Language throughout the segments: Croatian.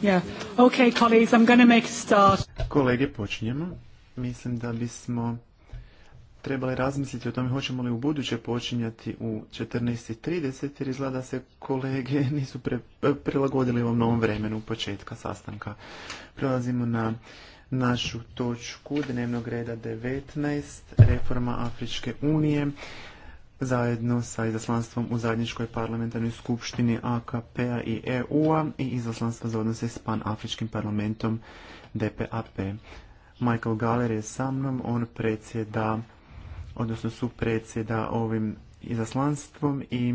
Yeah. Kolege, počinjemo. Mislim da bismo trebali razmisliti o tome hoćemo li u buduće počinjati u 14.30 jer izgleda se kolege nisu prilagodili ovom novom vremenu početka sastanka. Prelazimo na našu točku dnevnog reda 19, reforma Afričke unije zajedno sa izaslanstvom u zajedničkoj parlamentarnoj skupštini AKP-a i EU-a i izaslanstva za odnose s panafričkim parlamentom DPAP. Michael Galler je sa mnom, on predsjeda, odnosno su predsjeda ovim izaslanstvom i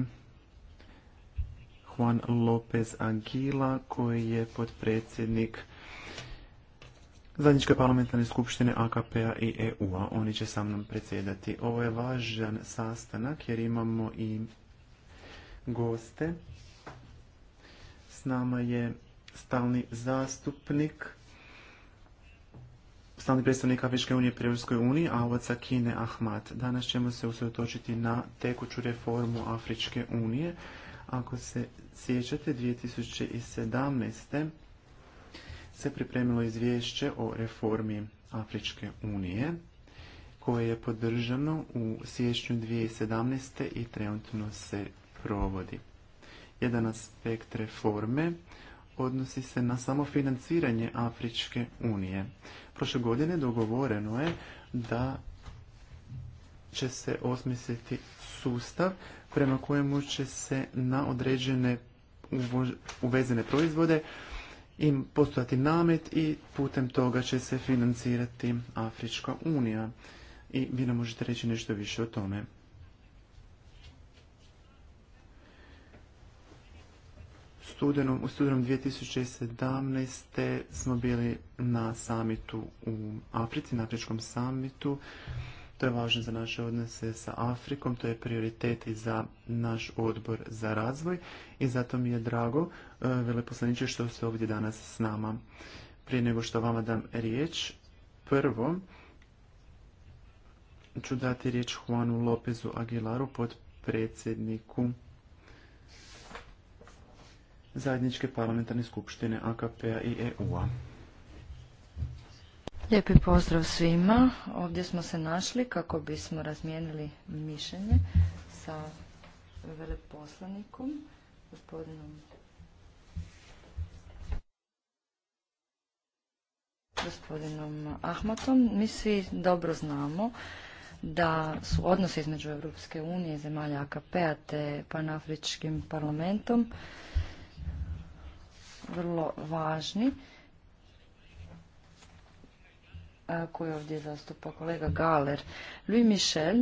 Juan López Aguila koji je potpredsjednik Zajedničke parlamentarne skupštine AKP-a i EU-a. Oni će sa mnom predsjedati. Ovo je važan sastanak jer imamo i goste. S nama je stalni zastupnik, stalni predstavnik Afričke unije pri Europskoj uniji, Avaca Kine Ahmad. Danas ćemo se usredotočiti na tekuću reformu Afričke unije. Ako se sjećate, 2017 se pripremilo izvješće o reformi Afričke unije koje je podržano u siječnju 2017. i trenutno se provodi. Jedan aspekt reforme odnosi se na samo financiranje Afričke unije. Prošle godine dogovoreno je da će se osmisliti sustav prema kojemu će se na određene uvezene proizvode im postojati namet i putem toga će se financirati Afrička unija. I vi nam možete reći nešto više o tome. Studenom, u studenom 2017. smo bili na samitu u Africi, na Afričkom samitu to je važno za naše odnose sa Afrikom, to je prioritet i za naš odbor za razvoj i zato mi je drago, e, veleposlaniče, što ste ovdje danas s nama. Prije nego što vama dam riječ, prvo ću dati riječ Juanu Lopezu Aguilaru, predsjedniku zajedničke parlamentarne skupštine AKP-a i EU-a. Lijepi pozdrav svima. Ovdje smo se našli kako bismo razmijenili mišljenje sa veleposlanikom, gospodinom gospodinom Ahmatom. Mi svi dobro znamo da su odnose između Europske unije i zemalja AKP-a te panafričkim parlamentom vrlo važni koju ovdje zastupa kolega Galer. Louis Michel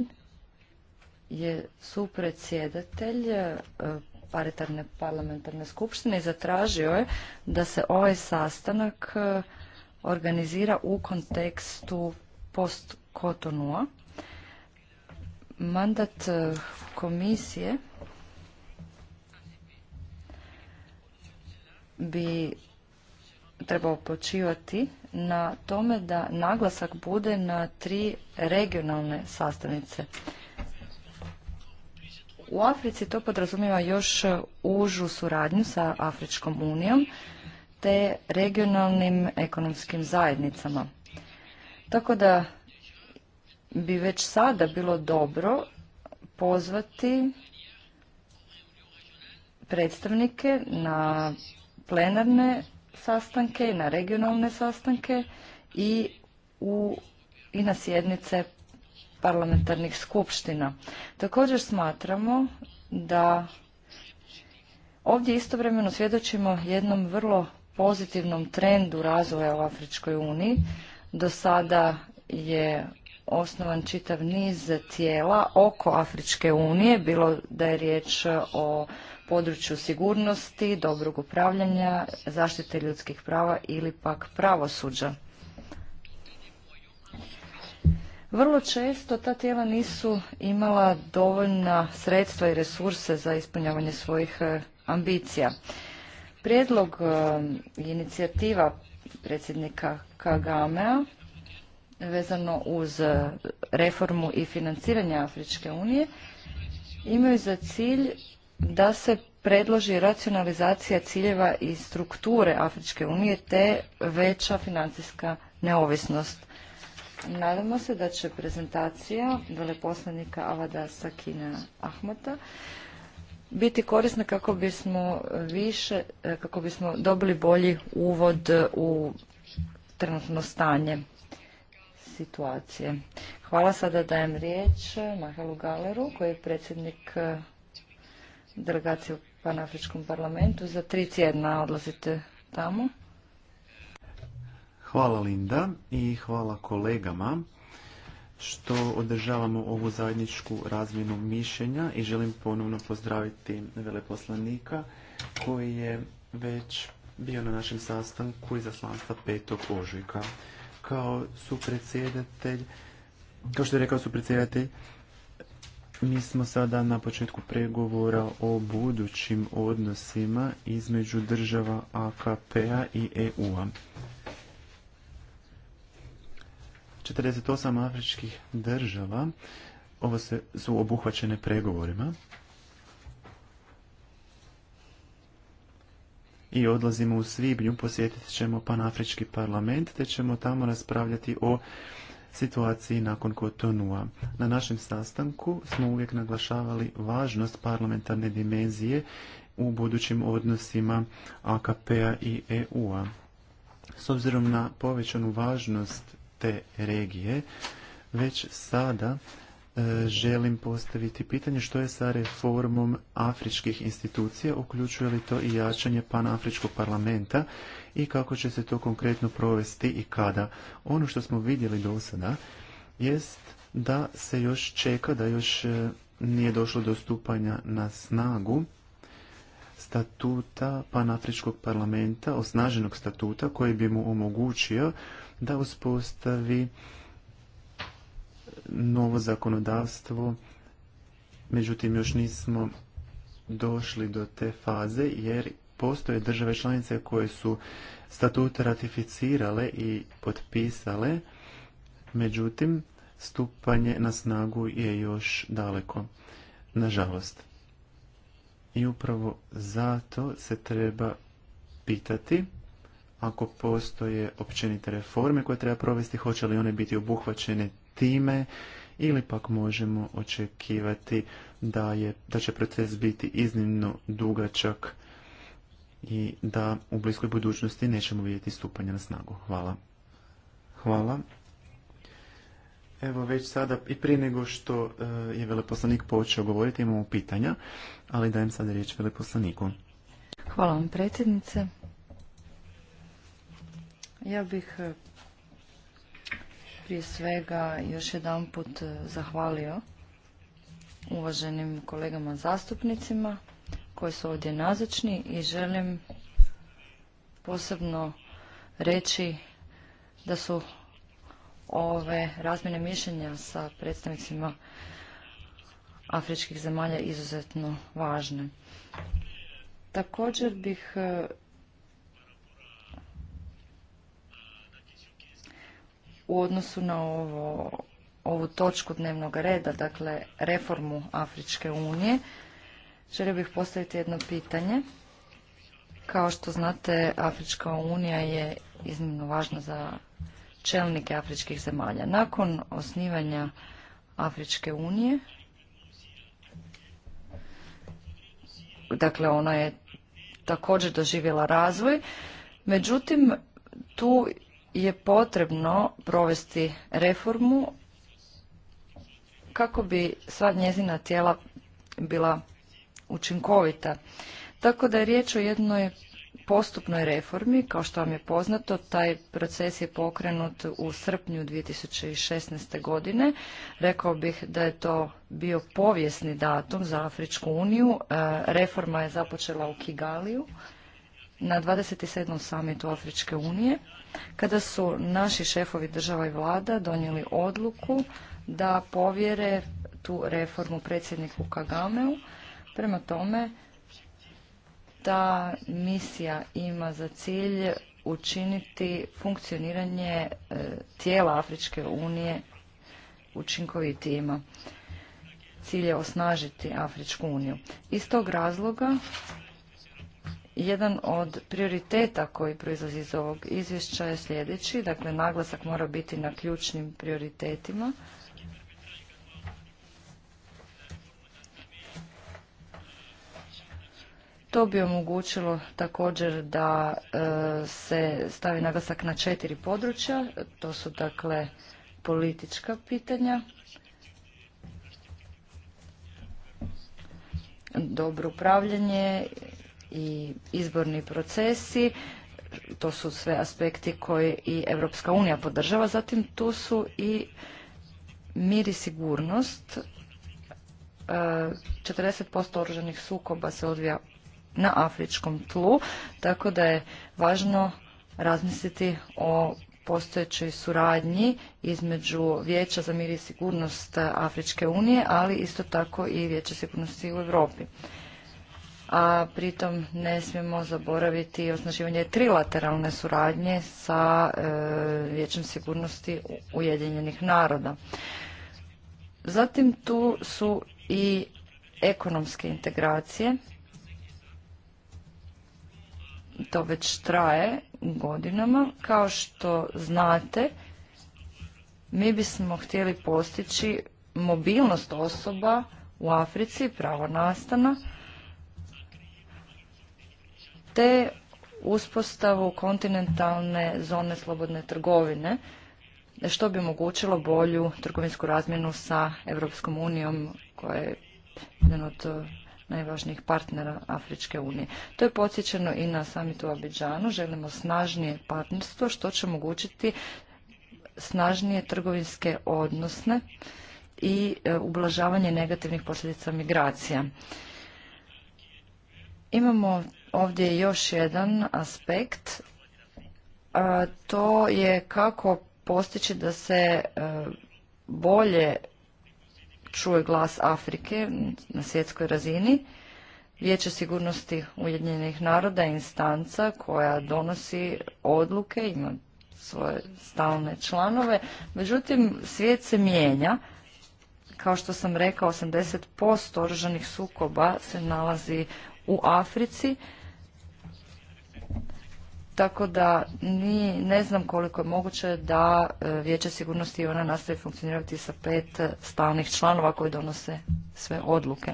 je supredsjedatelj paritarne parlamentarne skupštine i zatražio je da se ovaj sastanak organizira u kontekstu post Kotonua. Mandat komisije bi trebao počivati na tome da naglasak bude na tri regionalne sastavnice. U Africi to podrazumijeva još užu suradnju sa Afričkom unijom te regionalnim ekonomskim zajednicama. Tako da bi već sada bilo dobro pozvati predstavnike na plenarne sastanke i na regionalne sastanke i, u, i na sjednice parlamentarnih skupština. Također smatramo da ovdje istovremeno svjedočimo jednom vrlo pozitivnom trendu razvoja u Afričkoj uniji. Do sada je osnovan čitav niz tijela oko Afričke unije, bilo da je riječ o području sigurnosti, dobrog upravljanja, zaštite ljudskih prava ili pak pravosuđa. Vrlo često ta tijela nisu imala dovoljna sredstva i resurse za ispunjavanje svojih e, ambicija. Prijedlog i e, inicijativa predsjednika Kagamea vezano uz e, reformu i financiranje Afričke unije imaju za cilj da se predloži racionalizacija ciljeva i strukture Afričke unije te veća financijska neovisnost. Nadamo se da će prezentacija veleposlanika Avada Sakina Ahmata biti korisna kako bismo više, kako bismo dobili bolji uvod u trenutno stanje situacije. Hvala sada dajem riječ Mahalu Galeru koji je predsjednik delegaciju u Panafričkom parlamentu. Za tri tjedna odlazite tamo. Hvala Linda i hvala kolegama što održavamo ovu zajedničku razmjenu mišljenja i želim ponovno pozdraviti veleposlanika koji je već bio na našem sastanku izaslanstva 5. ožujka. Kao su kao što je rekao su predsjedatelj, mi smo sada na početku pregovora o budućim odnosima između država AKP-a i EU-a. 48 afričkih država ovo se, su obuhvaćene pregovorima i odlazimo u svibnju, posjetit ćemo Panafrički parlament te ćemo tamo raspravljati o situaciji nakon Kotonua. Na našem sastanku smo uvijek naglašavali važnost parlamentarne dimenzije u budućim odnosima AKP-a i EU-a. S obzirom na povećanu važnost te regije, već sada E, želim postaviti pitanje što je sa reformom afričkih institucija, uključuje li to i jačanje panafričkog parlamenta i kako će se to konkretno provesti i kada. Ono što smo vidjeli do sada jest da se još čeka, da još e, nije došlo do stupanja na snagu statuta panafričkog parlamenta, osnaženog statuta koji bi mu omogućio da uspostavi novo zakonodavstvo, međutim još nismo došli do te faze jer postoje države članice koje su statute ratificirale i potpisale, međutim stupanje na snagu je još daleko, nažalost. I upravo zato se treba pitati ako postoje općenite reforme koje treba provesti, hoće li one biti obuhvaćene time ili pak možemo očekivati da, je, da će proces biti iznimno dugačak i da u bliskoj budućnosti nećemo vidjeti stupanje na snagu. Hvala. Hvala. Evo već sada i prije nego što e, je veleposlanik počeo govoriti imamo pitanja, ali dajem sada riječ veleposlaniku. Hvala vam predsjednice. Ja bih e, prije svega još jedan put e, zahvalio uvaženim kolegama zastupnicima koji su ovdje nazočni i želim posebno reći da su ove razmjene mišljenja sa predstavnicima afričkih zemalja izuzetno važne. Također bih e, u odnosu na ovo, ovu točku dnevnog reda, dakle reformu Afričke unije, želio bih postaviti jedno pitanje. Kao što znate, Afrička unija je iznimno važna za čelnike afričkih zemalja. Nakon osnivanja Afričke unije, dakle ona je također doživjela razvoj, međutim tu je potrebno provesti reformu kako bi sva njezina tijela bila učinkovita. Tako da je riječ o jednoj postupnoj reformi, kao što vam je poznato, taj proces je pokrenut u srpnju 2016. godine. Rekao bih da je to bio povijesni datum za Afričku uniju. E, reforma je započela u Kigaliju na 27. samitu Afričke unije kada su naši šefovi država i vlada donijeli odluku da povjere tu reformu predsjedniku Kagameu. Prema tome, ta misija ima za cilj učiniti funkcioniranje e, tijela Afričke unije učinkovitijima. Cilj je osnažiti Afričku uniju. Iz tog razloga jedan od prioriteta koji proizlazi iz ovog izvješća je sljedeći, dakle naglasak mora biti na ključnim prioritetima. To bi omogućilo također da e, se stavi naglasak na četiri područja, to su dakle politička pitanja, dobro upravljanje, i izborni procesi. To su sve aspekti koje i Europska unija podržava. Zatim tu su i mir i sigurnost. 40% e, oružanih sukoba se odvija na afričkom tlu, tako da je važno razmisliti o postojećoj suradnji između Vijeća za mir i sigurnost Afričke unije, ali isto tako i Vijeća sigurnosti u Europi a pritom ne smijemo zaboraviti osnaživanje trilateralne suradnje sa e, Vijećem sigurnosti Ujedinjenih naroda. Zatim tu su i ekonomske integracije. To već traje godinama. Kao što znate, mi bismo htjeli postići mobilnost osoba u Africi, pravo nastana, te uspostavu kontinentalne zone slobodne trgovine, što bi omogućilo bolju trgovinsku razmjenu sa Europskom unijom, koja je jedan od eh, najvažnijih partnera Afričke unije. To je podsjećeno i na samitu u Abidžanu. Želimo snažnije partnerstvo što će omogućiti snažnije trgovinske odnosne i eh, ublažavanje negativnih posljedica migracija. Imamo ovdje je još jedan aspekt. to je kako postići da se e, bolje čuje glas Afrike na svjetskoj razini. Vijeće sigurnosti Ujedinjenih naroda je instanca koja donosi odluke, ima svoje stalne članove. Međutim, svijet se mijenja. Kao što sam rekao, 80% oružanih sukoba se nalazi u Africi tako da ni, ne znam koliko je moguće da e, Vijeće sigurnosti i ona nastavi funkcionirati sa pet e, stalnih članova koji donose sve odluke.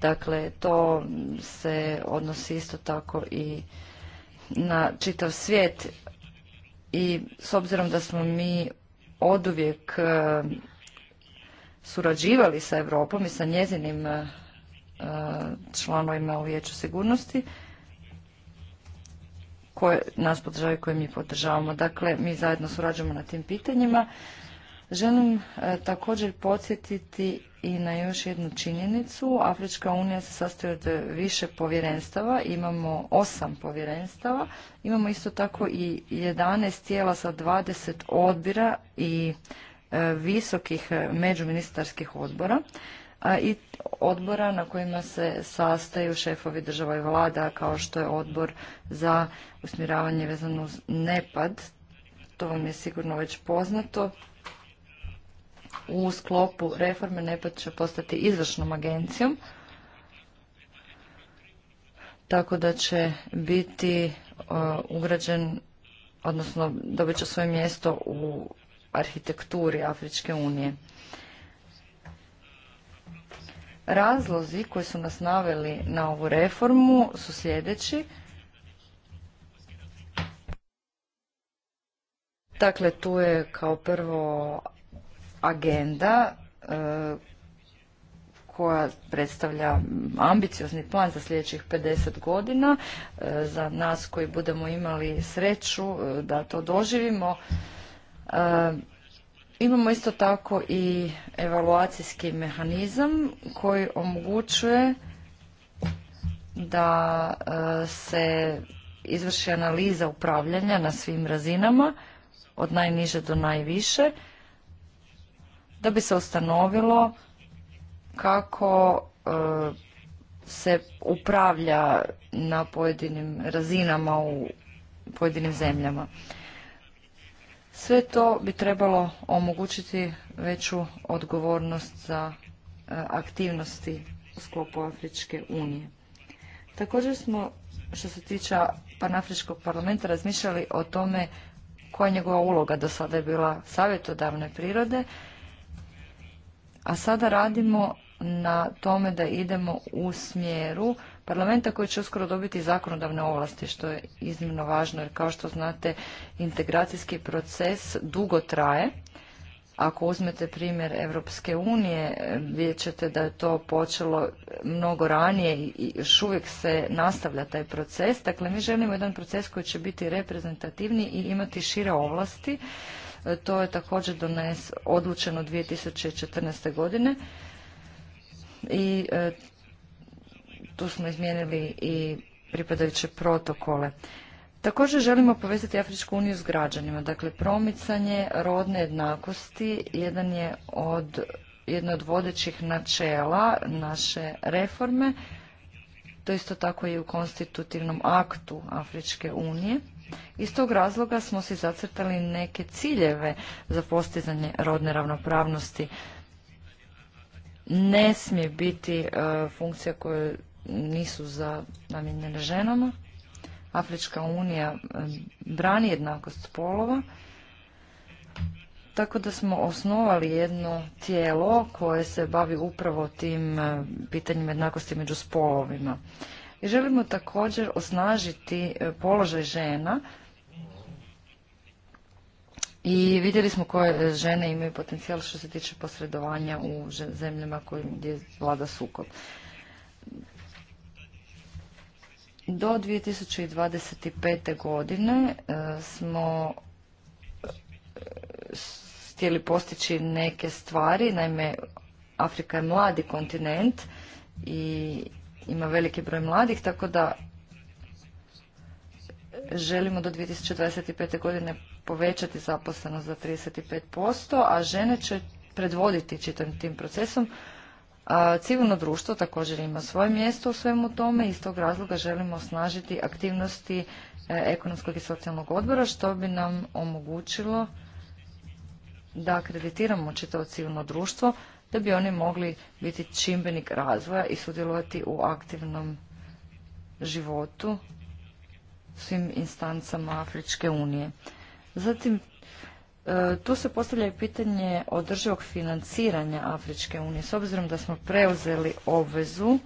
Dakle, to se odnosi isto tako i na čitav svijet i s obzirom da smo mi oduvijek e, surađivali sa Europom i sa njezinim članovima u Vijeću sigurnosti, koje nas podržavaju i koje mi podržavamo. Dakle, mi zajedno surađujemo na tim pitanjima. Želim e, također podsjetiti i na još jednu činjenicu. Afrička unija se sastoji od više povjerenstava. Imamo osam povjerenstava. Imamo isto tako i 11 tijela sa 20 odbira i e, visokih e, međuministarskih odbora i odbora na kojima se sastaju šefovi država i vlada kao što je odbor za usmjeravanje vezano uz nepad. To vam je sigurno već poznato. U sklopu reforme nepad će postati izvršnom agencijom tako da će biti e, ugrađen, odnosno dobit će svoje mjesto u arhitekturi Afričke unije. Razlozi koji su nas naveli na ovu reformu su sljedeći. Dakle, tu je kao prvo agenda e, koja predstavlja ambiciozni plan za sljedećih 50 godina. E, za nas koji budemo imali sreću e, da to doživimo, Imamo isto tako i evaluacijski mehanizam koji omogućuje da e, se izvrši analiza upravljanja na svim razinama, od najniže do najviše, da bi se ustanovilo kako e, se upravlja na pojedinim razinama u pojedinim zemljama. Sve to bi trebalo omogućiti veću odgovornost za e, aktivnosti u sklopu Afričke unije. Također smo, što se tiče Panafričkog parlamenta, razmišljali o tome koja je njegova uloga do sada je bila savjetodavne prirode, a sada radimo na tome da idemo u smjeru parlamenta koji će uskoro dobiti zakonodavne ovlasti, što je iznimno važno jer kao što znate integracijski proces dugo traje. Ako uzmete primjer Europske unije, vidjet ćete da je to počelo mnogo ranije i još uvijek se nastavlja taj proces. Dakle, mi želimo jedan proces koji će biti reprezentativni i imati šire ovlasti. E, to je također dones, odlučeno 2014. godine i e, tu smo izmijenili i pripadajuće protokole. Također želimo povezati Afričku uniju s građanima. Dakle, promicanje rodne jednakosti jedan je od, jedno od vodećih načela naše reforme. To isto tako i u konstitutivnom aktu Afričke unije. Iz tog razloga smo si zacrtali neke ciljeve za postizanje rodne ravnopravnosti. Ne smije biti e, funkcija koju nisu za namijenjene ženama. Afrička unija e, brani jednakost spolova. Tako da smo osnovali jedno tijelo koje se bavi upravo tim e, pitanjima jednakosti među spolovima. I želimo također osnažiti e, položaj žena i vidjeli smo koje žene imaju potencijal što se tiče posredovanja u zemljama gdje vlada sukob. Do 2025. godine e, smo e, htjeli postići neke stvari, naime Afrika je mladi kontinent i ima veliki broj mladih, tako da želimo do 2025. godine povećati zaposlenost za 35%, a žene će predvoditi čitavim tim procesom. Civilno društvo također ima svoje mjesto u svemu tome i iz tog razloga želimo osnažiti aktivnosti e, ekonomskog i socijalnog odbora što bi nam omogućilo da akreditiramo čitavo civilno društvo da bi oni mogli biti čimbenik razvoja i sudjelovati u aktivnom životu svim instancama Afričke unije. Zatim E, tu se postavlja i pitanje održivog financiranja Afričke unije. S obzirom da smo preuzeli obvezu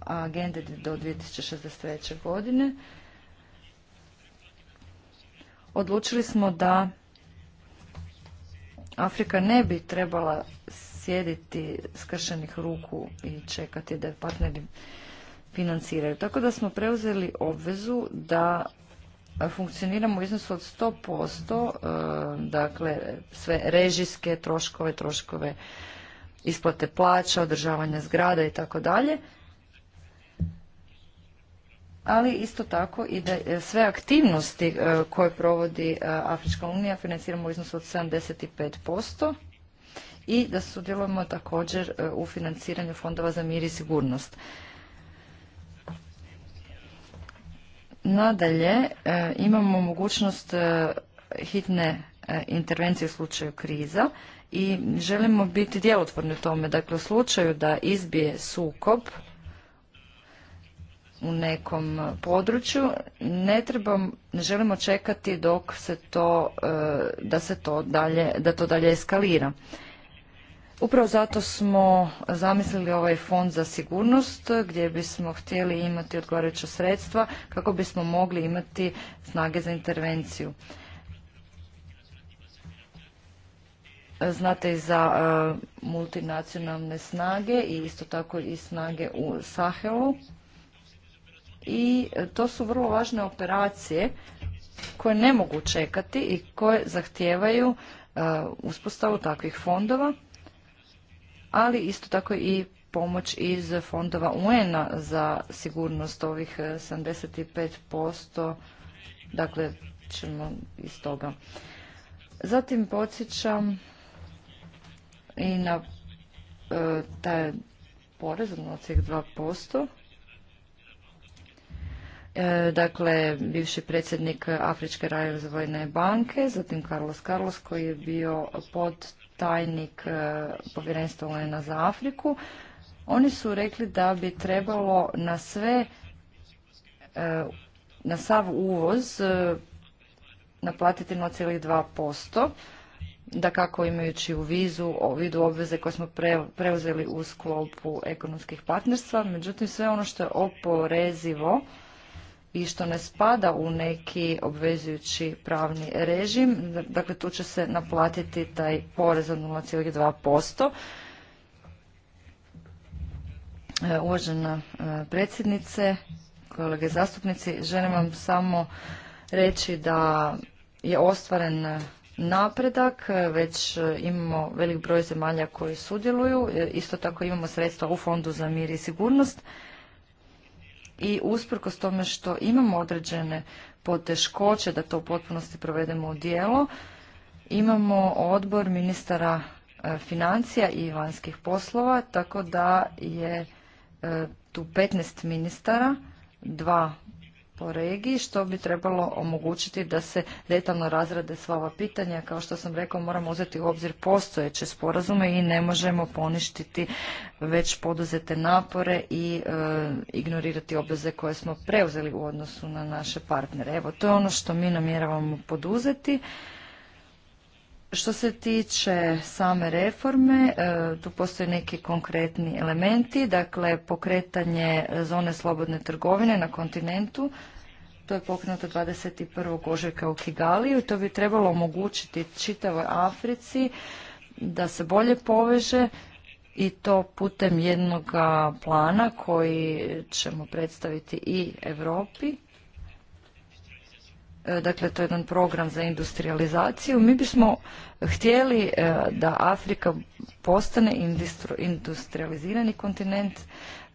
agende do 2063. godine, odlučili smo da Afrika ne bi trebala sjediti skršenih ruku i čekati da je partneri financiraju. Tako da smo preuzeli obvezu da funkcioniramo u iznosu od 100%, e, dakle sve režijske troškove, troškove isplate plaća, održavanja zgrada i tako dalje. Ali isto tako i da e, sve aktivnosti e, koje provodi Afrička unija financiramo u iznosu od 75% i da sudjelujemo također u financiranju fondova za mir i sigurnost. Nadalje, e, imamo mogućnost e, hitne e, intervencije u slučaju kriza i želimo biti djelotvorni u tome. Dakle, u slučaju da izbije sukob u nekom području, ne trebamo ne želimo čekati dok se to, da se to dalje, da to dalje eskalira. Upravo zato smo zamislili ovaj fond za sigurnost gdje bismo htjeli imati odgovarajuća sredstva kako bismo mogli imati snage za intervenciju. Znate i za e, multinacionalne snage i isto tako i snage u Sahelu. I to su vrlo važne operacije koje ne mogu čekati i koje zahtijevaju e, uspostavu takvih fondova ali isto tako i pomoć iz fondova UN-a za sigurnost ovih 75%, e, dakle ćemo iz toga. Zatim podsjećam i na e, taj porez od ovih 2%. E, dakle, bivši predsjednik Afričke razvojne banke, zatim Carlos Carlos koji je bio pod tajnik e, povjerenstva UNA za Afriku, oni su rekli da bi trebalo na sve, e, na sav uvoz e, naplatiti 0,2%, da kako imajući u vizu o vidu obveze koje smo preuzeli u sklopu ekonomskih partnerstva, međutim sve ono što je oporezivo i što ne spada u neki obvezujući pravni režim. Dakle, tu će se naplatiti taj porez od 0,2%. E, uvažena e, predsjednice, kolege zastupnici, želim vam samo reći da je ostvaren napredak, već imamo velik broj zemalja koji sudjeluju, e, isto tako imamo sredstva u Fondu za mir i sigurnost i usprkos tome što imamo određene poteškoće da to u potpunosti provedemo u dijelo, imamo odbor ministara e, financija i vanjskih poslova, tako da je e, tu 15 ministara, dva po regiji, što bi trebalo omogućiti da se detaljno razrade sva ova pitanja. Kao što sam rekao, moramo uzeti u obzir postojeće sporazume i ne možemo poništiti već poduzete napore i e, ignorirati obveze koje smo preuzeli u odnosu na naše partnere. Evo, to je ono što mi namjeravamo poduzeti. Što se tiče same reforme, e, tu postoje neki konkretni elementi, dakle pokretanje zone slobodne trgovine na kontinentu, to je pokrenuto 21. ožujka u Kigaliju i to bi trebalo omogućiti čitavoj Africi da se bolje poveže i to putem jednog plana koji ćemo predstaviti i Europi E, dakle to je jedan program za industrializaciju, mi bismo htjeli e, da Afrika postane industrializirani kontinent,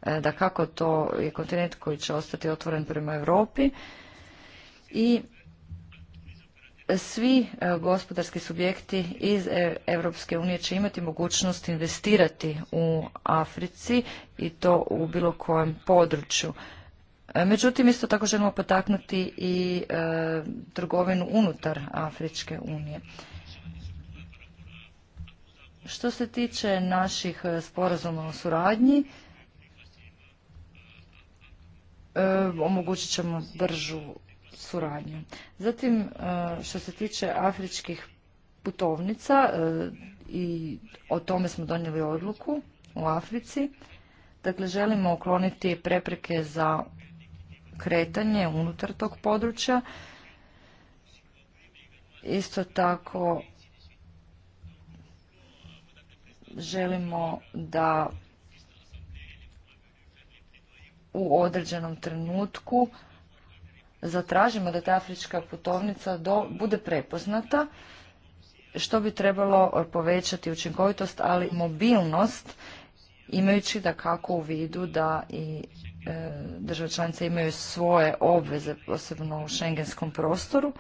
e, da kako to je kontinent koji će ostati otvoren prema Europi i svi gospodarski subjekti iz Europske unije će imati mogućnost investirati u Africi i to u bilo kojem području. Međutim, isto tako želimo potaknuti i e, trgovinu unutar Afričke unije. Što se tiče naših e, sporazuma o suradnji, e, omogućit ćemo bržu suradnju. Zatim, e, što se tiče afričkih putovnica i o tome smo donijeli odluku u Africi, dakle želimo ukloniti prepreke za kretanje unutar tog područja. Isto tako želimo da u određenom trenutku zatražimo da ta afrička putovnica bude prepoznata, što bi trebalo povećati učinkovitost, ali mobilnost, imajući da kako u vidu da i E, države članice imaju svoje obveze, posebno u šengenskom prostoru.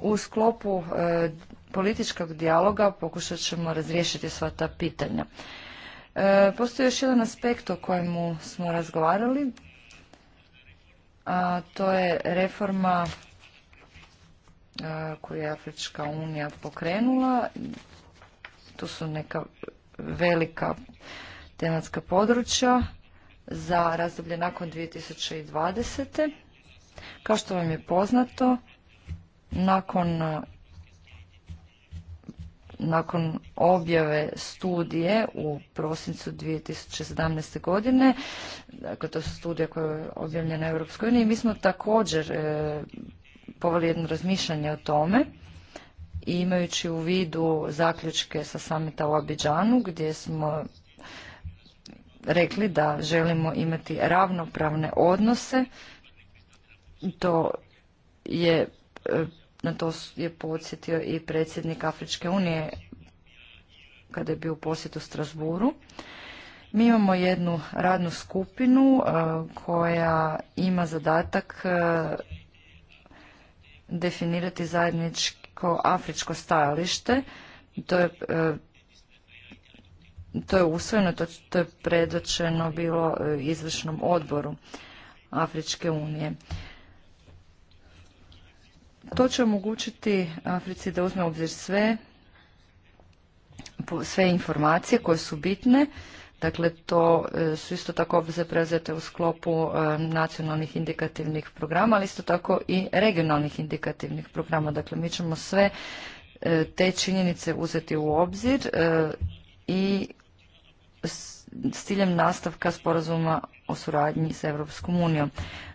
U sklopu e, političkog dijaloga pokušat ćemo razriješiti sva ta pitanja. E, postoji još jedan aspekt o kojemu smo razgovarali, a to je reforma koju je Afrička unija pokrenula. Tu su neka velika tematska područja za razdoblje nakon 2020. Kao što vam je poznato, nakon nakon objave studije u prosincu 2017. godine, dakle to su studije koje je objavljena u Europskoj mi smo također e, poveli jedno razmišljanje o tome i imajući u vidu zaključke sa samita u Abidžanu gdje smo rekli da želimo imati ravnopravne odnose. To je, e, na to je podsjetio i predsjednik Afričke unije kada je bio u posjetu Strasburu. Mi imamo jednu radnu skupinu e, koja ima zadatak e, definirati zajedničko afričko stajalište. To je to je usvojeno, to, to je predočeno bilo e, izvršnom odboru Afričke unije. To će omogućiti Africi da uzme u obzir sve, sve informacije koje su bitne, Dakle, to e, su isto tako obveze preuzete u sklopu e, nacionalnih indikativnih programa, ali isto tako i regionalnih indikativnih programa. Dakle, mi ćemo sve te činjenice uzeti u obzir i s ciljem nastavka sporazuma o suradnji s Europskom unijom.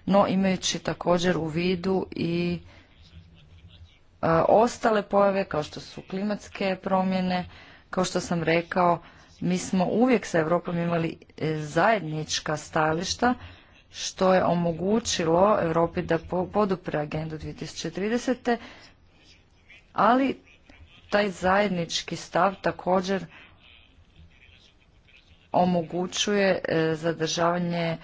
No imajući također u vidu i e, ostale pojave kao što su klimatske promjene, kao što sam rekao, mi smo uvijek sa Europom imali e, zajednička stajališta što je omogućilo Europi da podupre agendu 2030. ali taj zajednički stav također omogućuje e, zadržavanje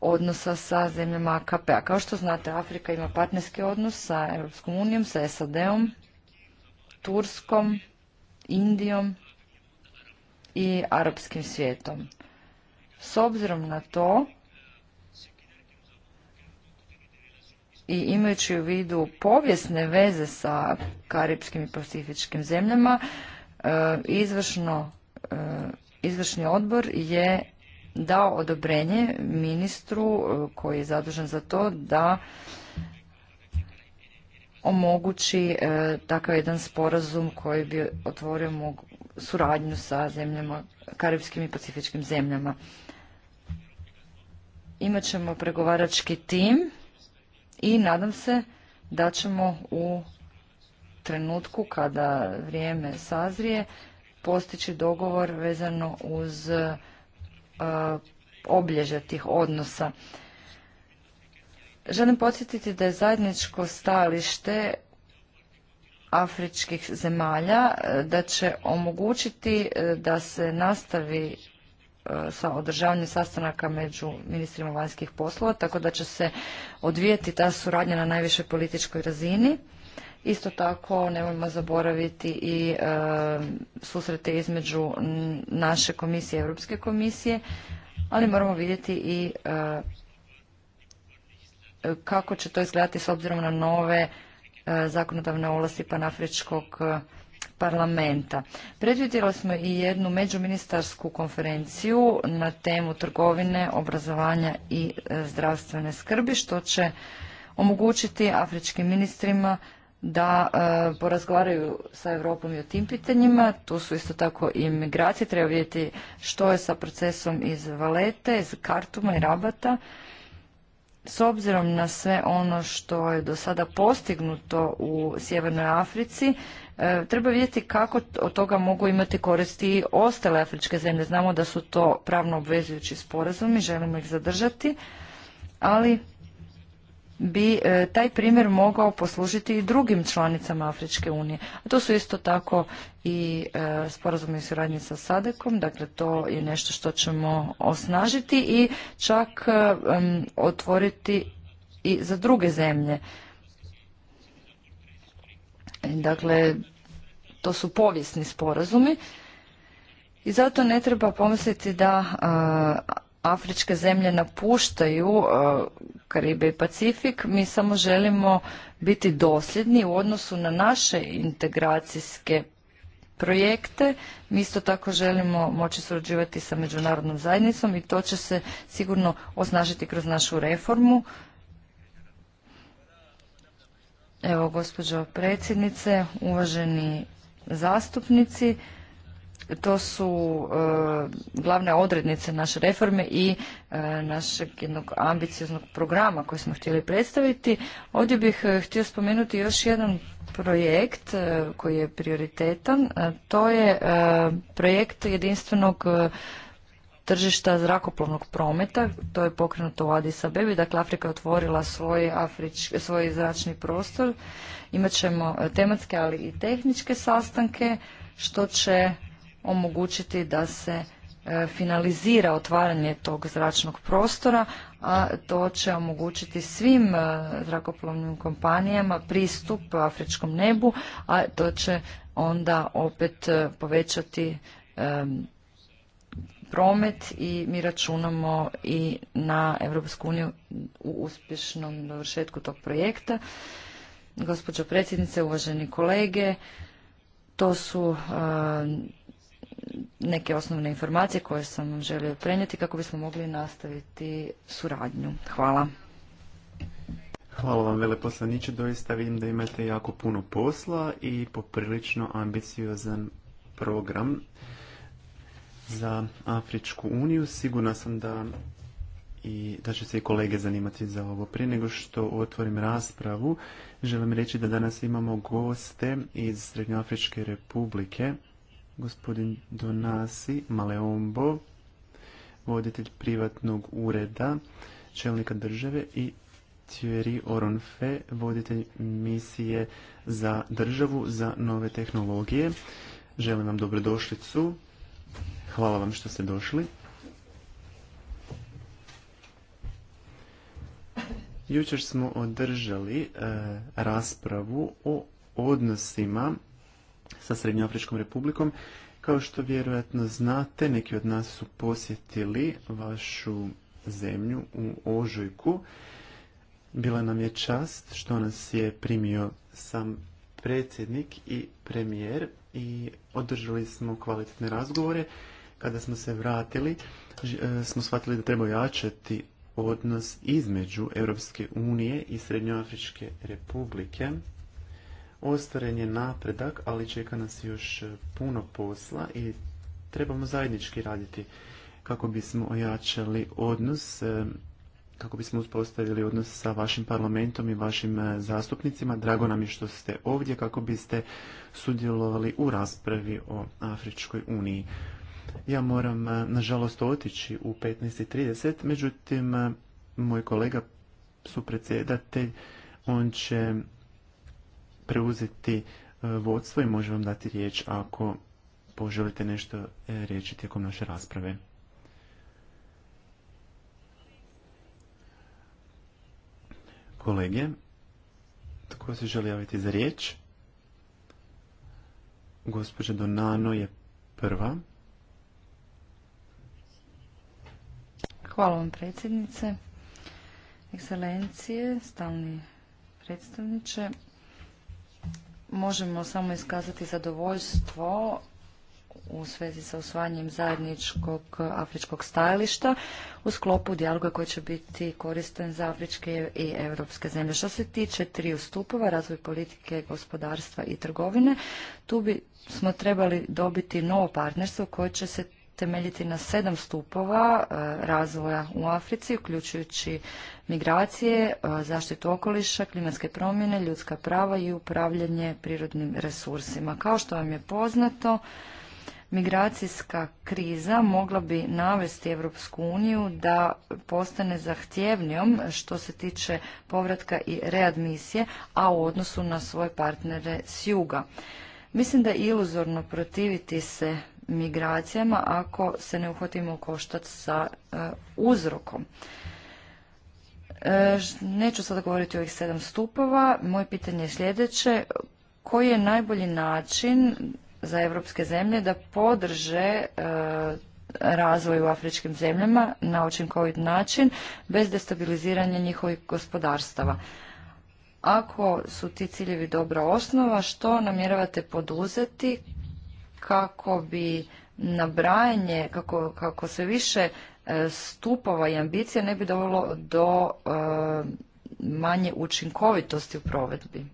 odnosa sa zemljama AKP-a. Kao što znate, Afrika ima partnerski odnos sa Europskom unijom, sa SAD-om, Turskom, Indijom i arapskim svijetom. S obzirom na to i imajući u vidu povijesne veze sa karipskim i pacifičkim zemljama, e, izvršno e, izvršni odbor je dao odobrenje ministru e, koji je zadužen za to da omogući e, takav jedan sporazum koji bi otvorio suradnju sa zemljama, karibskim i pacifičkim zemljama. Imaćemo pregovarački tim i nadam se da ćemo u trenutku kada vrijeme sazrije postići dogovor vezano uz e, oblježe tih odnosa. Želim podsjetiti da je zajedničko stajalište afričkih zemalja e, da će omogućiti e, da se nastavi sa održavanjem sastanaka među ministrima vanjskih poslova, tako da će se odvijeti ta suradnja na najvišoj političkoj razini. Isto tako nemojmo zaboraviti i e, susrete između naše komisije i Europske komisije, ali moramo vidjeti i e, kako će to izgledati s obzirom na nove e, zakonodavne ovlasti panafričkog e, parlamenta. Predvidjeli smo i jednu međuministarsku konferenciju na temu trgovine, obrazovanja i zdravstvene skrbi, što će omogućiti afričkim ministrima da e, porazgovaraju sa Europom i o tim pitanjima. Tu su isto tako i migracije. Treba vidjeti što je sa procesom iz Valete, iz Kartuma i Rabata. S obzirom na sve ono što je do sada postignuto u Sjevernoj Africi, e, treba vidjeti kako od toga mogu imati koristi i ostale afričke zemlje. Znamo da su to pravno obvezujući sporazumi, želimo ih zadržati, ali bi e, taj primjer mogao poslužiti i drugim članicama Afričke unije. A to su isto tako i e, sporazumi i suradnje sa Sadekom, dakle to je nešto što ćemo osnažiti i čak e, otvoriti i za druge zemlje. Dakle, to su povijesni sporazumi i zato ne treba pomisliti da afričke zemlje napuštaju e, Karibe i Pacifik, mi samo želimo biti dosljedni u odnosu na naše integracijske projekte. Mi isto tako želimo moći surađivati sa međunarodnom zajednicom i to će se sigurno osnažiti kroz našu reformu. Evo, gospođo predsjednice, uvaženi zastupnici, to su e, glavne odrednice naše reforme i e, našeg jednog ambicioznog programa koji smo htjeli predstaviti. Ovdje bih e, htio spomenuti još jedan projekt koji je prioritetan. To je projekt jedinstvenog tržišta zrakoplovnog prometa. To je pokrenuto u Addis Dakle, Afrika je otvorila svoj, svoj zračni prostor. Imaćemo tematske, ali i tehničke sastanke što će omogućiti da se e, finalizira otvaranje tog zračnog prostora, a to će omogućiti svim e, zrakoplovnim kompanijama pristup afričkom nebu, a to će onda opet e, povećati promet i mi računamo i na Europsku uniju u uspješnom dovršetku tog projekta. Gospođo predsjednice, uvaženi kolege, to su neke osnovne informacije koje sam vam želio prenijeti kako bismo mogli nastaviti suradnju. Hvala. Hvala vam veleposlaniče, doista vidim da imate jako puno posla i poprilično ambiciozan program za Afričku uniju. Sigurna sam da i da će se i kolege zanimati za ovo. Prije nego što otvorim raspravu, želim reći da danas imamo goste iz Srednjoafričke republike gospodin Donasi Maleombo, voditelj privatnog ureda čelnika države i Thierry Oronfe, voditelj misije za državu za nove tehnologije. Želim vam dobrodošlicu. Hvala vam što ste došli. Jučer smo održali eh, raspravu o odnosima sa Srednjoafričkom republikom. Kao što vjerojatno znate, neki od nas su posjetili vašu zemlju u Ožujku. Bila nam je čast što nas je primio sam predsjednik i premijer i održali smo kvalitetne razgovore. Kada smo se vratili, e, smo shvatili da treba jačati odnos između Europske unije i Srednjoafričke republike ostvaren je napredak, ali čeka nas još e, puno posla i trebamo zajednički raditi kako bismo ojačali odnos, e, kako bismo uspostavili odnos sa vašim parlamentom i vašim e, zastupnicima. Drago nam je što ste ovdje kako biste sudjelovali u raspravi o Afričkoj uniji. Ja moram, nažalost, otići u 15.30, međutim, moj kolega supredsjedatelj, on će preuzeti e, vodstvo i može vam dati riječ ako poželite nešto e, reći tijekom naše rasprave. Kolege, tko se želi javiti za riječ? Gospođa Donano je prva. Hvala vam predsjednice, ekscelencije, stalni predstavniče možemo samo iskazati zadovoljstvo u svezi sa usvajanjem zajedničkog afričkog stajališta u sklopu dijaloga koji će biti koristen za afričke i europske zemlje. Što se tiče triju stupova, razvoj politike, gospodarstva i trgovine, tu bi smo trebali dobiti novo partnerstvo koje će se temeljiti na sedam stupova e, razvoja u Africi, uključujući migracije, e, zaštitu okoliša, klimatske promjene, ljudska prava i upravljanje prirodnim resursima. Kao što vam je poznato, migracijska kriza mogla bi navesti Europsku uniju da postane zahtjevnijom što se tiče povratka i readmisije, a u odnosu na svoje partnere s juga. Mislim da je iluzorno protiviti se migracijama ako se ne uhvatimo u koštac sa e, uzrokom. E, neću sada govoriti o ovih sedam stupova. Moje pitanje je sljedeće. Koji je najbolji način za evropske zemlje da podrže e, razvoj u afričkim zemljama na učinkovit način bez destabiliziranja njihovih gospodarstava? Ako su ti ciljevi dobra osnova, što namjeravate poduzeti kako bi nabrajanje, kako, kako se više e, stupova i ambicija ne bi dovelo do e, manje učinkovitosti u provedbi.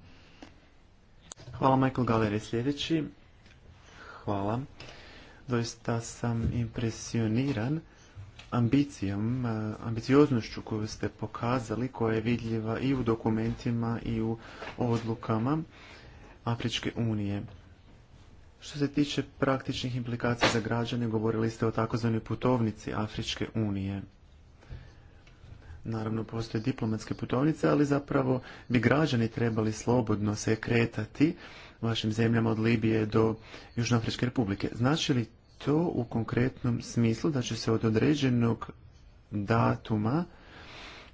Hvala Michael Galeri sljedeći. Hvala. Doista sam impresioniran ambicijom, e, ambicioznošću koju ste pokazali, koja je vidljiva i u dokumentima i u odlukama Afričke unije. Što se tiče praktičnih implikacija za građane, govorili ste o takozvanoj putovnici Afričke unije. Naravno, postoje diplomatske putovnice, ali zapravo bi građani trebali slobodno se kretati vašim zemljama od Libije do Južnoafričke republike. Znači li to u konkretnom smislu da će se od određenog datuma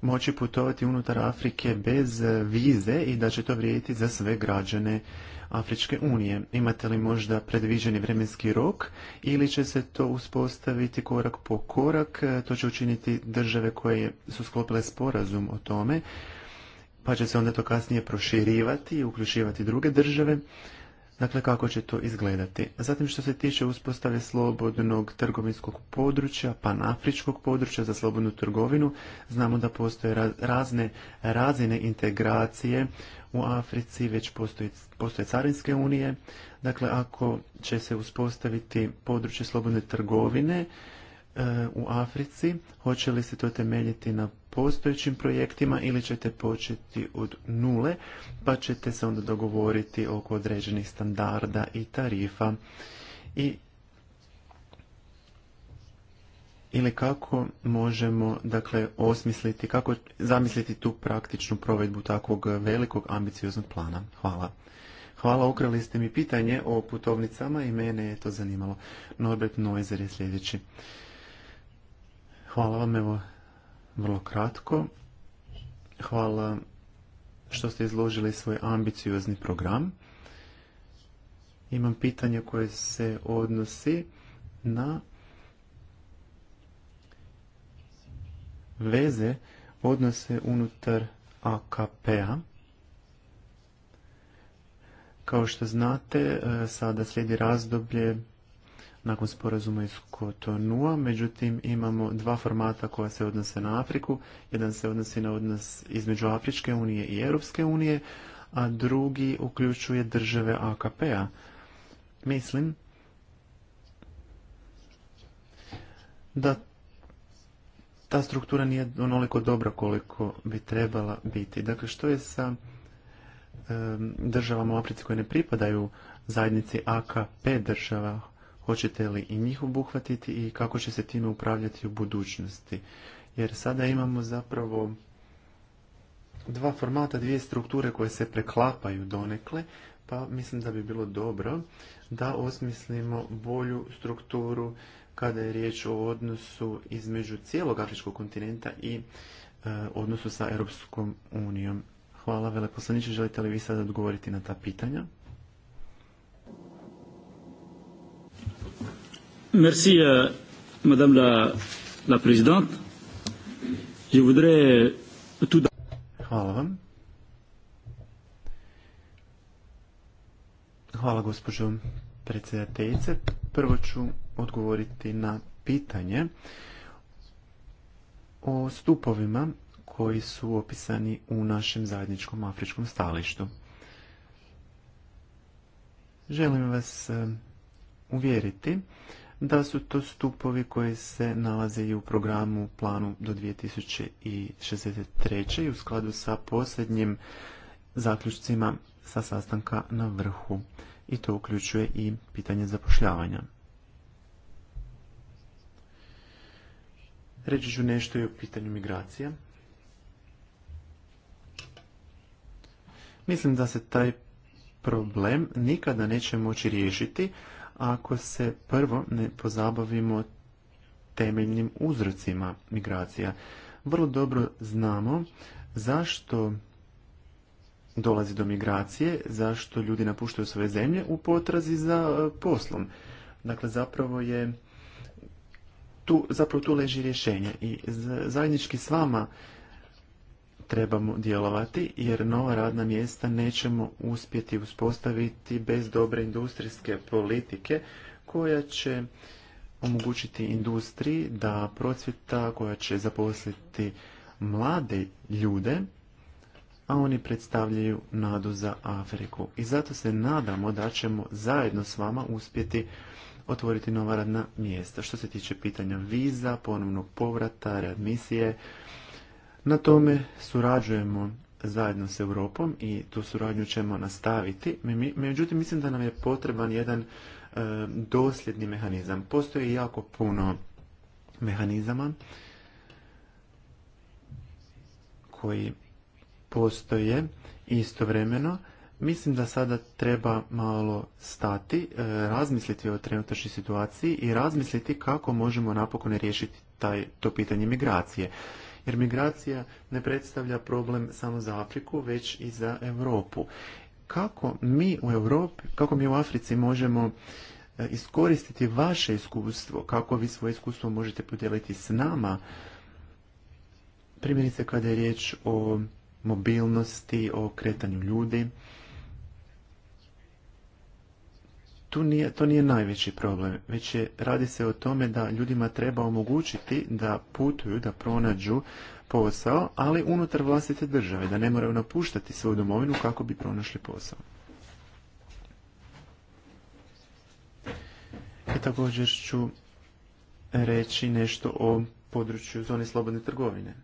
moći putovati unutar Afrike bez vize i da će to vrijediti za sve građane Afričke unije. Imate li možda predviđeni vremenski rok ili će se to uspostaviti korak po korak? To će učiniti države koje su sklopile sporazum o tome, pa će se onda to kasnije proširivati i uključivati druge države. Dakle, kako će to izgledati. Zatim što se tiče uspostave slobodnog trgovinskog područja, panafričkog područja za slobodnu trgovinu, znamo da postoje razne razine integracije u Africi, već postoje carinske unije. Dakle, ako će se uspostaviti područje slobodne trgovine, E, u Africi, hoće li se to temeljiti na postojećim projektima ili ćete početi od nule pa ćete se onda dogovoriti oko određenih standarda i tarifa i ili kako možemo dakle osmisliti, kako zamisliti tu praktičnu provedbu takvog velikog ambicioznog plana. Hvala. Hvala, ukrali ste mi pitanje o putovnicama i mene je to zanimalo. Norbert Noizer je sljedeći. Hvala vam, evo, vrlo kratko. Hvala što ste izložili svoj ambiciozni program. Imam pitanje koje se odnosi na veze, odnose unutar AKP-a. Kao što znate, e, sada slijedi razdoblje nakon sporazuma iz Kotonua, međutim imamo dva formata koja se odnose na Afriku, jedan se odnosi na odnos između Afričke unije i Europske unije, a drugi uključuje države AKP-a. Mislim da ta struktura nije onoliko dobra koliko bi trebala biti. Dakle, što je sa državama u Africi koje ne pripadaju zajednici AKP država? Hoćete li i njih obuhvatiti i kako će se time upravljati u budućnosti? Jer sada imamo zapravo dva formata, dvije strukture koje se preklapaju donekle, pa mislim da bi bilo dobro da osmislimo bolju strukturu kada je riječ o odnosu između cijelog afričkog kontinenta i e, odnosu sa Europskom unijom. Hvala veleposlaniče, želite li vi sada odgovoriti na ta pitanja? Merci, euh, Madame la, la Présidente. Je Hvala vam. Hvala gospođo predsjedateljice. Prvo ću odgovoriti na pitanje o stupovima koji su opisani u našem zajedničkom afričkom stalištu. Želim vas eh, uvjeriti da su to stupovi koji se nalaze i u programu planu do 2063. i u skladu sa posljednjim zaključcima sa sastanka na vrhu i to uključuje i pitanje zapošljavanja. Reći ću nešto i o pitanju migracija. Mislim da se taj problem nikada neće moći riješiti ako se prvo ne pozabavimo temeljnim uzrocima migracija. Vrlo dobro znamo zašto dolazi do migracije, zašto ljudi napuštaju svoje zemlje u potrazi za e, poslom. Dakle, zapravo je tu, zapravo tu leži rješenje i zajednički s vama trebamo djelovati jer nova radna mjesta nećemo uspjeti uspostaviti bez dobre industrijske politike koja će omogućiti industriji da procvjeta koja će zaposliti mlade ljude, a oni predstavljaju nadu za Afriku. I zato se nadamo da ćemo zajedno s vama uspjeti otvoriti nova radna mjesta. Što se tiče pitanja viza, ponovnog povrata, readmisije, na tome surađujemo zajedno s Europom i tu suradnju ćemo nastaviti. Međutim, mislim da nam je potreban jedan e, dosljedni mehanizam. Postoji jako puno mehanizama koji postoje istovremeno. Mislim da sada treba malo stati, e, razmisliti o trenutačnoj situaciji i razmisliti kako možemo napokon riješiti taj, to pitanje migracije jer migracija ne predstavlja problem samo za Afriku, već i za Europu. Kako mi u Europi, kako mi u Africi možemo e, iskoristiti vaše iskustvo, kako vi svoje iskustvo možete podijeliti s nama, primjerice kada je riječ o mobilnosti, o kretanju ljudi, tu nije, to nije najveći problem, već je, radi se o tome da ljudima treba omogućiti da putuju, da pronađu posao, ali unutar vlastite države, da ne moraju napuštati svoju domovinu kako bi pronašli posao. I također ću reći nešto o području zone slobodne trgovine.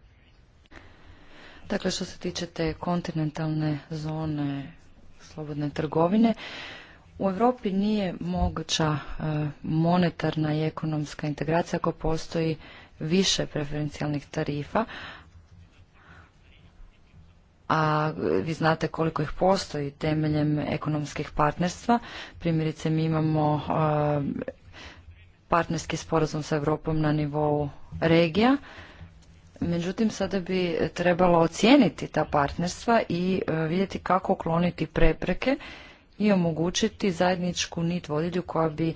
Dakle, što se tiče te kontinentalne zone slobodne trgovine, u Europi nije moguća e, monetarna i ekonomska integracija ako postoji više preferencijalnih tarifa, a vi znate koliko ih postoji temeljem ekonomskih partnerstva. Primjerice mi imamo e, partnerski sporazum sa Europom na nivou regija. Međutim, sada bi trebalo ocijeniti ta partnerstva i e, vidjeti kako ukloniti prepreke i omogućiti zajedničku nit vodilju koja bi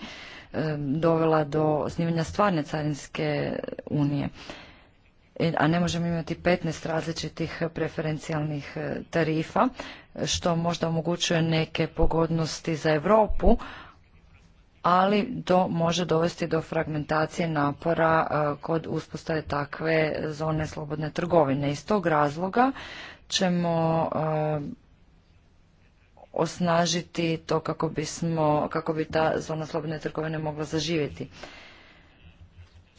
dovela do osnivanja stvarne carinske unije. E, a ne možemo imati 15 različitih preferencijalnih e, tarifa, što možda omogućuje neke pogodnosti za Europu, ali to može dovesti do fragmentacije napora e, kod uspostave takve zone slobodne trgovine. Iz tog razloga ćemo osnažiti to kako bismo, kako bi ta zona slobodne trgovine mogla zaživjeti.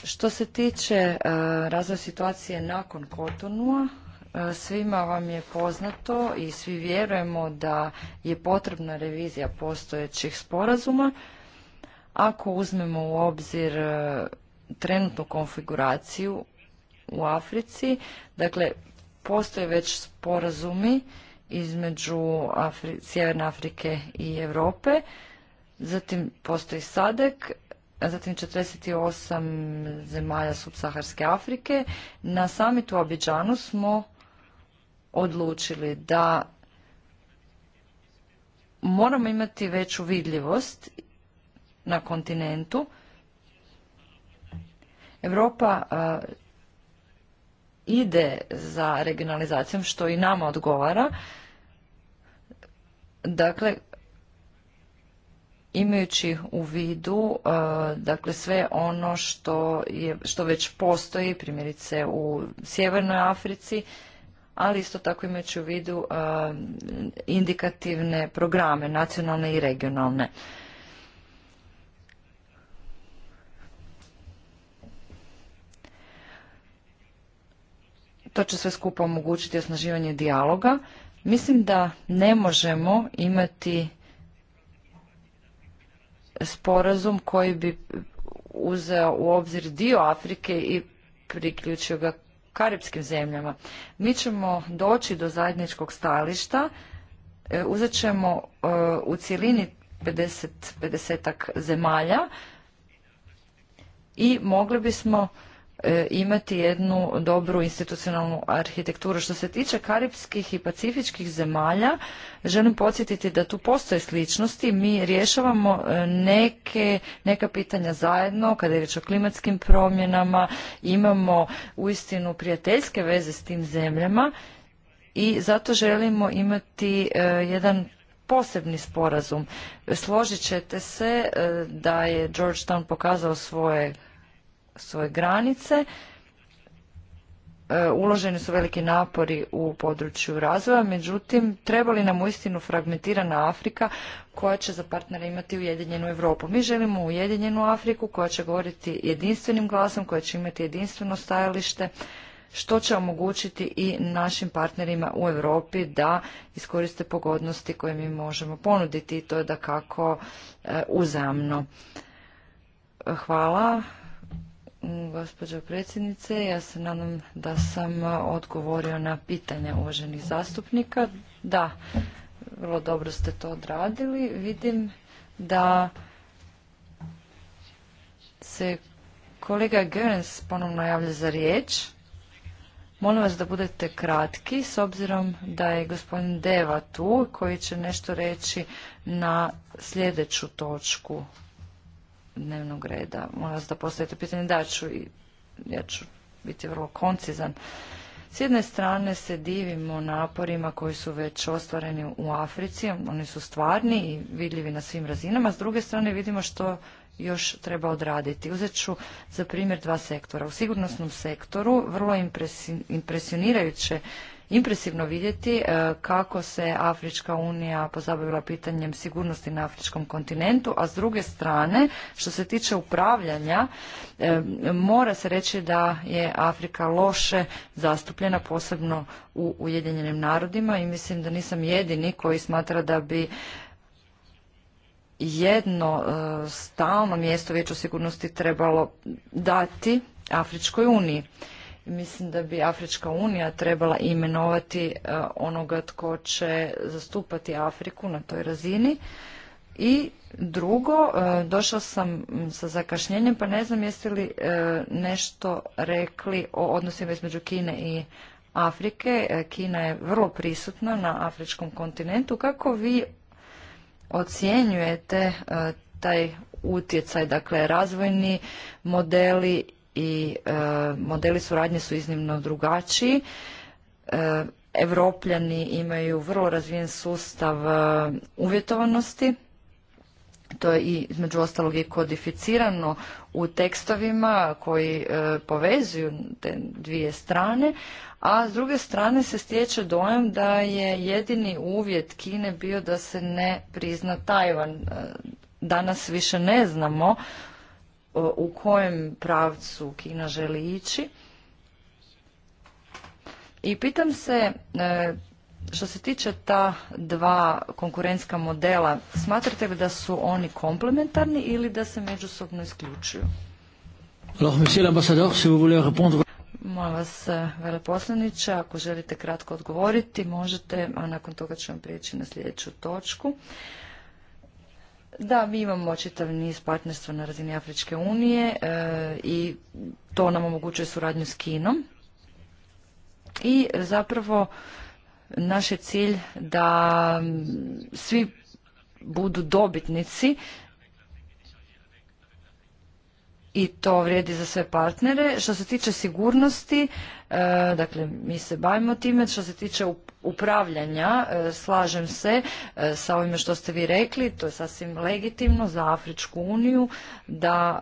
Što se tiče e, razvoja situacije nakon Kotonua, e, svima vam je poznato i svi vjerujemo da je potrebna revizija postojećih sporazuma. Ako uzmemo u obzir e, trenutnu konfiguraciju u Africi, dakle, postoje već sporazumi između Afri Sjeverne Afrike i Europe. Zatim postoji SADEK, zatim 48 zemalja subsaharske Afrike. Na samitu u Abidžanu smo odlučili da moramo imati veću vidljivost na kontinentu. Europa ide za regionalizacijom, što i nama odgovara. Dakle, imajući u vidu e, dakle sve ono što, je, što već postoji, primjerice u Sjevernoj Africi, ali isto tako imajući u vidu e, indikativne programe, nacionalne i regionalne. To će sve skupa omogućiti osnaživanje dijaloga. Mislim da ne možemo imati sporazum koji bi uzeo u obzir dio Afrike i priključio ga karipskim zemljama. Mi ćemo doći do zajedničkog stajališta, e, uzet ćemo e, u cijelini 50, 50 zemalja i mogli bismo E, imati jednu dobru institucionalnu arhitekturu. Što se tiče karipskih i pacifičkih zemalja, želim podsjetiti da tu postoje sličnosti. Mi rješavamo e, neke, neka pitanja zajedno, kada je riječ o klimatskim promjenama, imamo uistinu prijateljske veze s tim zemljama i zato želimo imati e, jedan posebni sporazum. Složit ćete se da je Georgetown pokazao svoje svoje granice. E, uloženi su veliki napori u području razvoja, međutim, treba li nam uistinu fragmentirana Afrika koja će za partnera imati Ujedinjenu Europu? Mi želimo Ujedinjenu Afriku koja će govoriti jedinstvenim glasom, koja će imati jedinstveno stajalište, što će omogućiti i našim partnerima u Europi da iskoriste pogodnosti koje mi možemo ponuditi i to je da kako e, uzemno Hvala. Gospođo predsjednice, ja se nadam da sam odgovorio na pitanje uvaženih zastupnika. Da, vrlo dobro ste to odradili. Vidim da se kolega Gerns ponovno javlja za riječ. Molim vas da budete kratki, s obzirom da je gospodin Deva tu, koji će nešto reći na sljedeću točku dnevnog reda. Molim vas da postavite pitanje, da ću i ja ću biti vrlo koncizan. S jedne strane se divimo naporima koji su već ostvareni u Africi, oni su stvarni i vidljivi na svim razinama, s druge strane vidimo što još treba odraditi. Uzet ću za primjer dva sektora. U sigurnosnom sektoru vrlo impresionirajuće impresivno vidjeti e, kako se Afrička unija pozabavila pitanjem sigurnosti na afričkom kontinentu, a s druge strane, što se tiče upravljanja, e, mora se reći da je Afrika loše zastupljena, posebno u Ujedinjenim narodima i mislim da nisam jedini koji smatra da bi jedno e, stalno mjesto vijeću sigurnosti trebalo dati Afričkoj uniji. Mislim da bi Afrička unija trebala imenovati e, onoga tko će zastupati Afriku na toj razini. I drugo, e, došao sam sa zakašnjenjem, pa ne znam jeste li e, nešto rekli o odnosima između Kine i Afrike. Kina je vrlo prisutna na afričkom kontinentu. Kako vi ocjenjujete taj utjecaj, dakle razvojni modeli i e, modeli suradnje su iznimno drugačiji. E, Evropljani imaju vrlo razvijen sustav e, uvjetovanosti. To je i između ostalog i kodificirano u tekstovima koji e, povezuju te dvije strane, a s druge strane se stječe dojam da je jedini uvjet Kine bio da se ne prizna Tajvan. Danas više ne znamo E, u kojem pravcu Kina želi ići. I pitam se, e, što se tiče ta dva konkurentska modela, smatrate li da su oni komplementarni ili da se međusobno isključuju? Molim vas, e, veleposlaniče, ako želite kratko odgovoriti, možete, a nakon toga ću vam prijeći na sljedeću točku. Da, mi imamo čitav niz partnerstva na razini Afričke unije e, i to nam omogućuje suradnju s Kinom. I zapravo naš je cilj da svi budu dobitnici i to vrijedi za sve partnere. Što se tiče sigurnosti, e, dakle mi se bavimo time, što se tiče upravljanja, e, slažem se e, sa ovime što ste vi rekli, to je sasvim legitimno za Afričku uniju da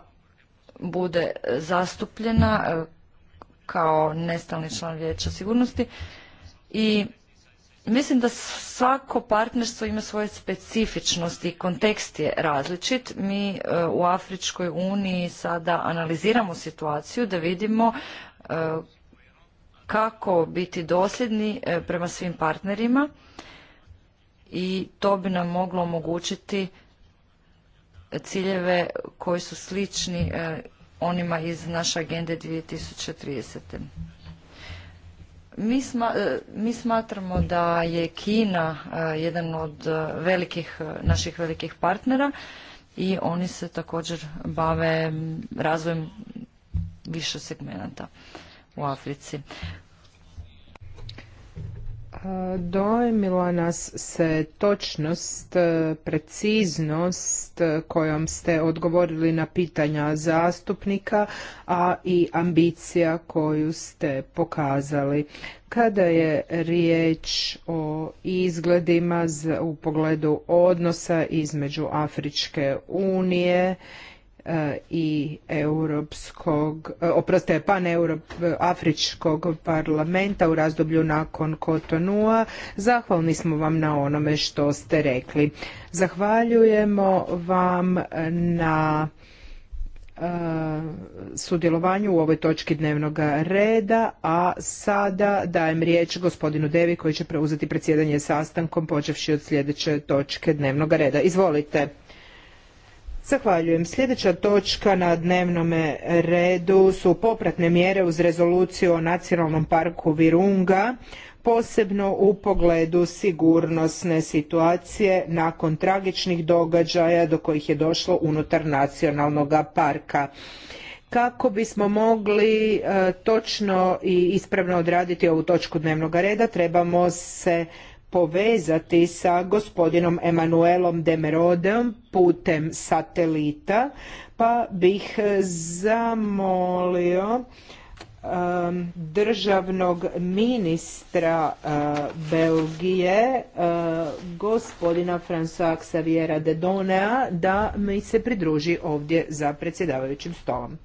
bude zastupljena kao nestalni član vijeća sigurnosti i Mislim da svako partnerstvo ima svoje specifičnosti i kontekst je različit. Mi e, u Afričkoj uniji sada analiziramo situaciju da vidimo e, kako biti dosljedni e, prema svim partnerima i to bi nam moglo omogućiti ciljeve koji su slični onima iz naše agende 2030. E, mi, smatramo da je Kina e, jedan od e, velikih, naših velikih partnera i oni se također bave razvojem više segmenata u Africi. Dojmila nas se točnost, e, preciznost kojom ste odgovorili na pitanja zastupnika, a i ambicija koju ste pokazali. Kada je riječ o izgledima u pogledu odnosa između Afričke unije E, i europskog, e, oprostite, pan-afričkog parlamenta u razdoblju nakon Kotonua. Zahvalni smo vam na onome što ste rekli. Zahvaljujemo vam na e, sudjelovanju u ovoj točki dnevnog reda, a sada dajem riječ gospodinu Devi koji će preuzeti predsjedanje sastankom počevši od sljedeće točke dnevnog reda. Izvolite. Zahvaljujem. Sljedeća točka na dnevnom redu su popratne mjere uz rezoluciju o nacionalnom parku Virunga, posebno u pogledu sigurnosne situacije nakon tragičnih događaja do kojih je došlo unutar nacionalnog parka kako bismo mogli e, točno i ispravno odraditi ovu točku dnevnog reda trebamo se povezati sa gospodinom Emanuelom Demerodeom putem satelita, pa bih zamolio um, državnog ministra uh, Belgije uh, gospodina françois Xaviera de Donea da mi se pridruži ovdje za predsjedavajućim stolom.